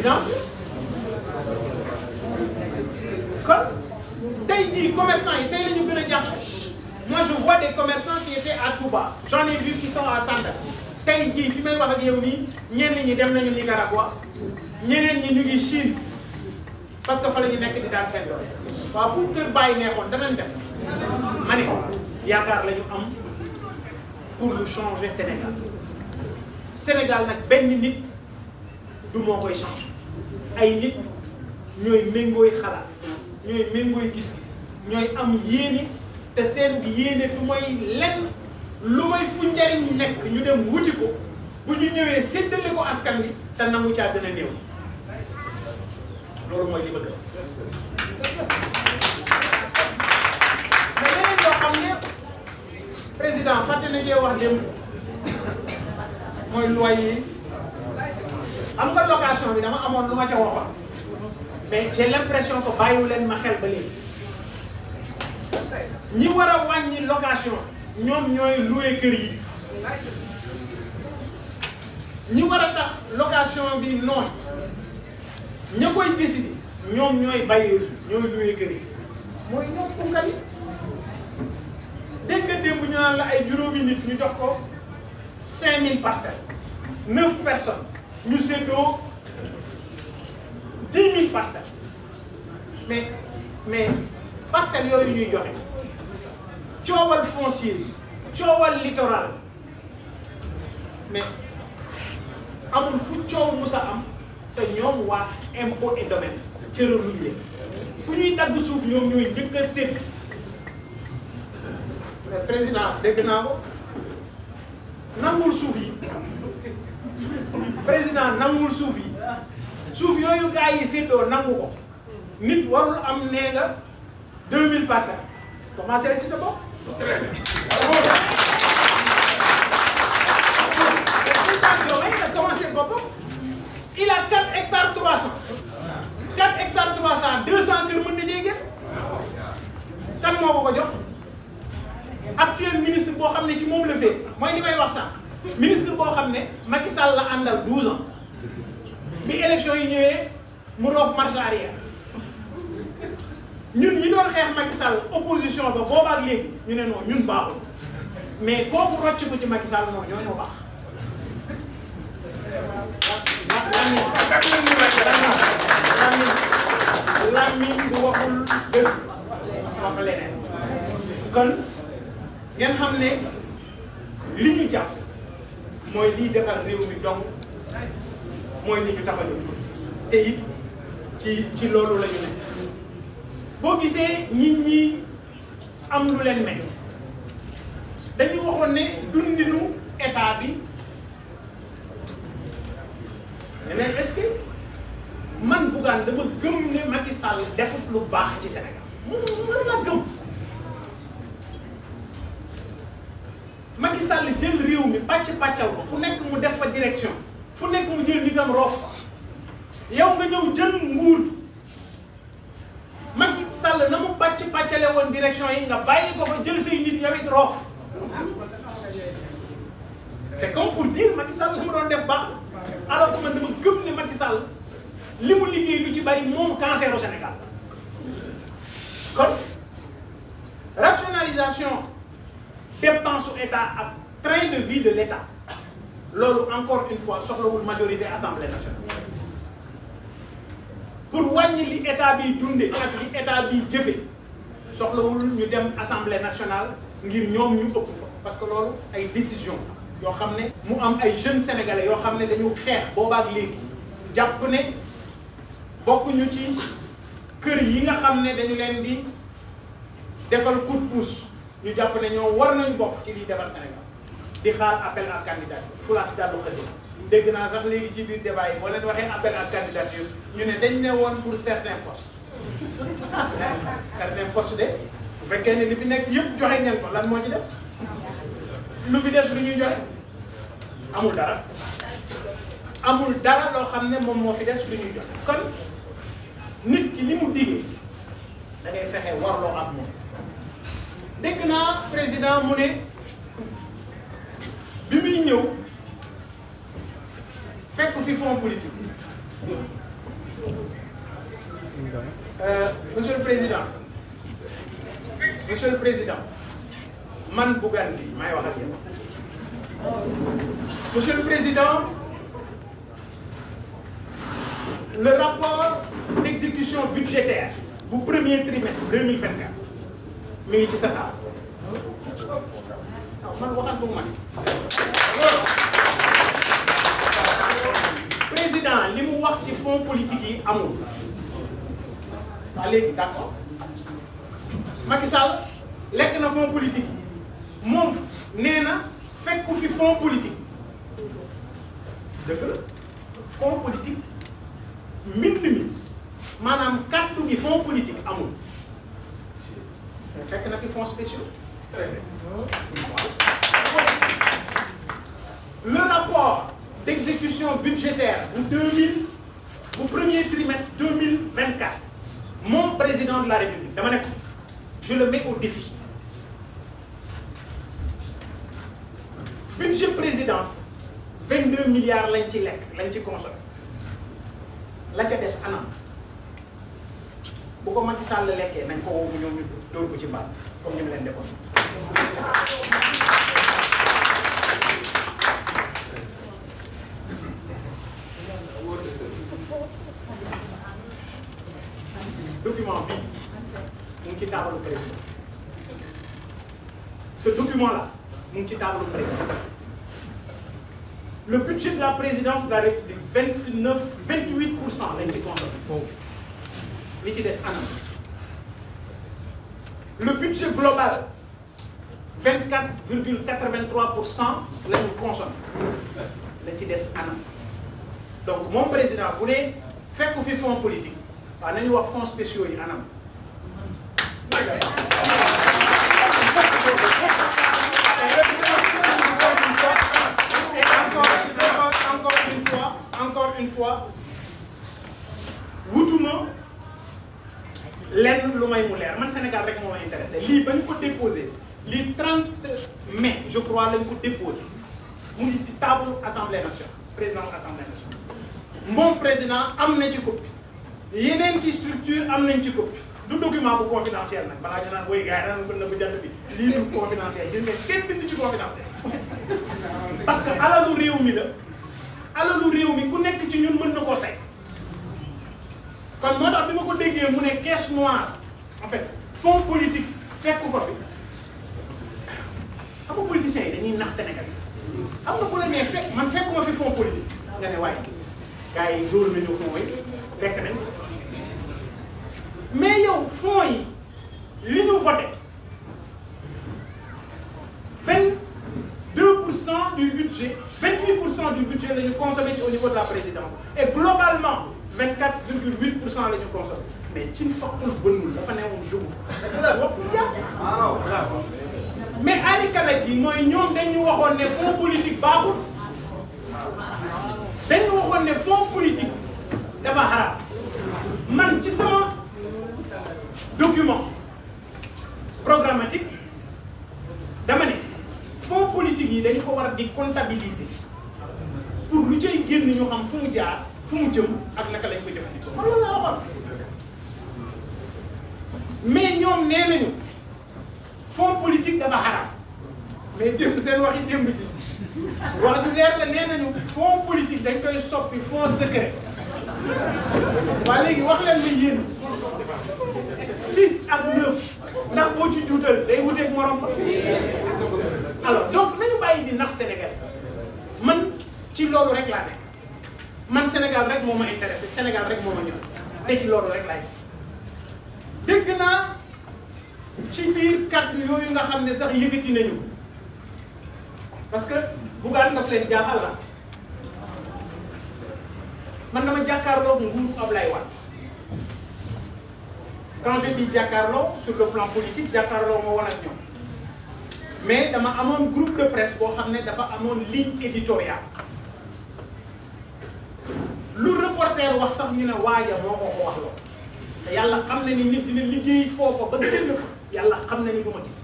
évidence bi kon tey jii commerçant yi tey la ñu gën a jàpp moi je vois des commerçants qui étaient à Touba j'en ai vu qui sont à Sandaga tey jii fi may wax ak yow nii ñenn ñi dem nañu Nicaragua ñeneen ñi ñu ngi Chine parce que fa la ñu nekk di daan seen doole waaw pour kër bàyyi neexoon danañ dem ma ne yaakaar la ñu am pour lu changer Sénégal Sénégal nag benn nit du moo koy changer ay nit ñooy méngooy xalaat ñooy méngooy gis-gis ñooy am yéene te seen yéene du mooy lenn lu mooy fu nekk ñu dem wuti ko bu ñu ñëwee séddale ko askan bi te nangu caa gën a néew loolu mooy li président fàtte mooy loi yi am nga location bi dama amoon lu ma ca waxoon mais j'ai l'impression que bàyyiwu leen ma xel ba léegi ñi war a wàññi location ñoom ñooy loué kër yi ñi war a tax location bi noonu ña koy décider ñoom ñooy bailleur ñooy loué kër yi mooy ñoom punkal yi dégg nga démb ñu naan la ay juróomi nit ñu jox ko 5000 parcelles 9 personnes. ñu séddoo dix mille parcelles mais mais parcelles yooyu ñuy joxe coowal foncier yi coowal littoral mais amul fu coow musa am te ñoom waa impôt et domaine cëraluñ leen fu ñuy dagg suuf ñoom ñooy njëkk a sédd président dégg naa ko nangul suuf yi nanguwul suuf yi suuf yooyu gars yi séddoo nangu ko nit warul am nee nga 2000 parcelles commencé ci sa bopp. très bien. a commencé boppam il a 4 hectares 300. 4 hectares 300 200 kër mën na cee génn. kan moo ko ko jox actuel ministre boo xam ne ci moom la fee mooy li may wax sax ministre boo xam ne Macky Sall la àndal ans. bi élection yi ñëwee mu roof marche arrière ñun ñi doon xeex Macky Sall opposition ba boobaak léegi ñu ne non ñun baaxul mais kooku rocc ko ci Macky Sall non ñoo ñoo baax. Lamine du waxul dëgg wax leneen kon ngeen xam ne li ñu jàpp mooy liy defar réew mi dong. mooy li ñu tax a te it ci loolu la ñu nekk boo gisee nit ñi am lu leen nekk dañu waxoon ne dundinu état bi mais est-ce que man Bougane dama gëm ne Macky defut lu baax ci Sénégal moom moom la gëm. Macky jël réew mi pàcc pàccal ko fu nekk mu def fa direction. fu nekk mu jël nitam roof yow nga ñëw jël nguur Macky na mu pàcc pàccale woon direction yi nga bàyyi ko fa jël say nit yow it roof c'est comme pour dire Macky Sall li mu doon def baax alors gëm ne Macky li mu liggéey lu ci bari moom cancer au Sénégal kon rationalisation dépense u état ak train de vie de l' loolu encore une fois soxlawul majorité assemblée nationale pour wàññi li état bi dunde ak li état bi jëfe soxlawul ñu dem assemblée nationale ngir ñoom ñu ëpp fa parce que loolu ay décision yoo xam ne mu am ay jeunes sénégalais yoo xam ne dañu xeex boobaak léegi jàpp ne bokkuñu ci kër yi nga xam ne dañu leen di defal coup de ñu jàpp ne ñoo war nañu bokk ci liy defal Sénégal di xaar appel à candidature Foulas Diallo xëy dégg naa sax léegi ci biir débat yi boo leen waxee appel à candidature ñu ne dañ ne woon pour certains postes certains postes de bu fekkee ne li bi nekk yëpp joxe ngeen ko lan moo ci des lu fi des lu ñuy joxe amul dara amul dara loo xam ne moom moo fi des lu ñuy joxe kon nit ki li mu digee da ngay fexe warloo ak moom dégg naa président mu ne. dañuy ñëw fekk fi fond politique euh, monsieur le président monsieur le président man Bougane bi maay wax ak yéen monsieur le président le rapport d'exécution budgétaire bu premier trimestre 2024 mi ngi ci sa président li mu wax ci fonds politique yi amul waa léegi d'accord Macky Sall lekk na fonds politique moom nee na fekku fi fonds politique dëgg la fonds politique mbind mi maanaam kàddu gi fonds politique amul fekk na fi fonds spéciaux le rapport d'exécution budgétaire bu 2000 bu premier trimestre 2024 mon président de la République dama nekk je le mets au défi budget présidence 22 milliards lañ ci lekk lañ ci consommé la ca des anam bu ko Macky Sall lekkee nañ ko woo bu ñëw ñu dóor ko ci mbaal comme ñu leen defoon document bii mu ngi ci taabalu président ce document là mu ngi ci taabalu président le budget de la présidence de la République vingt neuf vingt huit pour cent lañ ci compté boobu oh. li ci des anam le budget global vingt quatre virgule quatre vingt trois pour cent la ñu consommé la ci des anam donc moom président bu dee fekku fi fonds politique. waaw nañu wax fonds spéciaux yi anam. encore une fois wutuma lenn lu may mu leer man Sénégal rek moo ma intéressé lii ba ñu ko déposé lii 30 mai je crois lañ ko déposé mu ngi ci table assemblée nationale président assemblée nationale moom président am na ci copie yeneen ci structure am nañ ci ko du document bu confidentiel nag balaa ñu naan woy gars yi daan ko nëbb jant bi lii du confidentiel gis kenn bind ci confidentiel parce que alalu réew mi la alalu réew mi ku nekk ci ñun mën na koo say kon moo tax bi ma ko déggee mu ne caisse noire en fait fonds politique fekk ko fi xam nga politiciens yi dañuy nax Sénégal yi am na ku la nee fekk man fekkuma fi fonds politique nga ne waaye gars yi jour nañu fonds yi fekk nañ mais yow fonds yi li ñu voté vingt deux pour cent du budget vingt huit pour cent du budget la ñu consommé ci au niveau de la présidence et globalement vingt quatre virgule huit pour cent la ñu consommé mais ci fakkul bënnul dafa ne woon jógu fa wax fu jàpp waaw mais Ali Kalaj gi mooy ñoom dañu waxoon ne fonds politique baaxul dañu waxoon ne fonds politique dafa xaraam man ci sama document programmatique dama ne fonds politique yi dañu ko war a comptabiliser pour lu cay génn ñu xam fu mu jaar fu mu jëm ak naka lañ ko jëfandikoo loolu la waxoon mais ñoom nee nañu fonds politique dafa xaraam mais démb seen waxi démb ji wax du leer la nee nañu fonds politique dañ koy soppi fonds secret waa léegi wax leen li yéen six ak ndax boo ci juutal day wuteeg morom alors donc nañu bàyyi di nax Sénégal man ci loolu rek laa nekk man Sénégal rek moo ma intéressé Sénégal rek moo ma ñor te ci loolu rek laay dégg naa ci biir kàddu yooyu nga xam ne sax yëkkati nañu parce que Bougane daf leen jaaxal la man dama jàkkaarloog nguuru Ablaye Wade quand je dis jàkkaarloo sur le plan politique jàkkaarloo moo woon ak mais dama amoon groupe de presse boo xam ne dafa amoon lii éditoriale lu reporter wax sax ñu ne waaja moo ko wax loo te yàlla xam na ni nit dina liggéey foofa ba gën a yàlla xam na ni du ma gis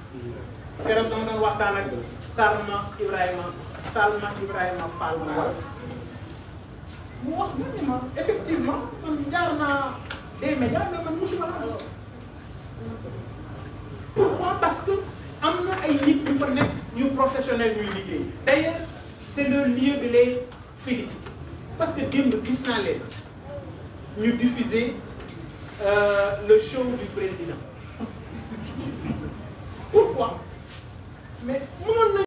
keroog dama doon waxtaan ak Salma Ibrahima Salma Ibrahima Fall mu wax mu ma effectivement man des eh, médias mais man mosuma la gis pourquoi parce que am na ay nit ñu fa nekk ñu professionnel ñuy liggéey d'ailleurs c'est le lieu de les féliciter parce que démb gis naa leen ñu diffuser euh, le show du président pourquoi mais mënoon na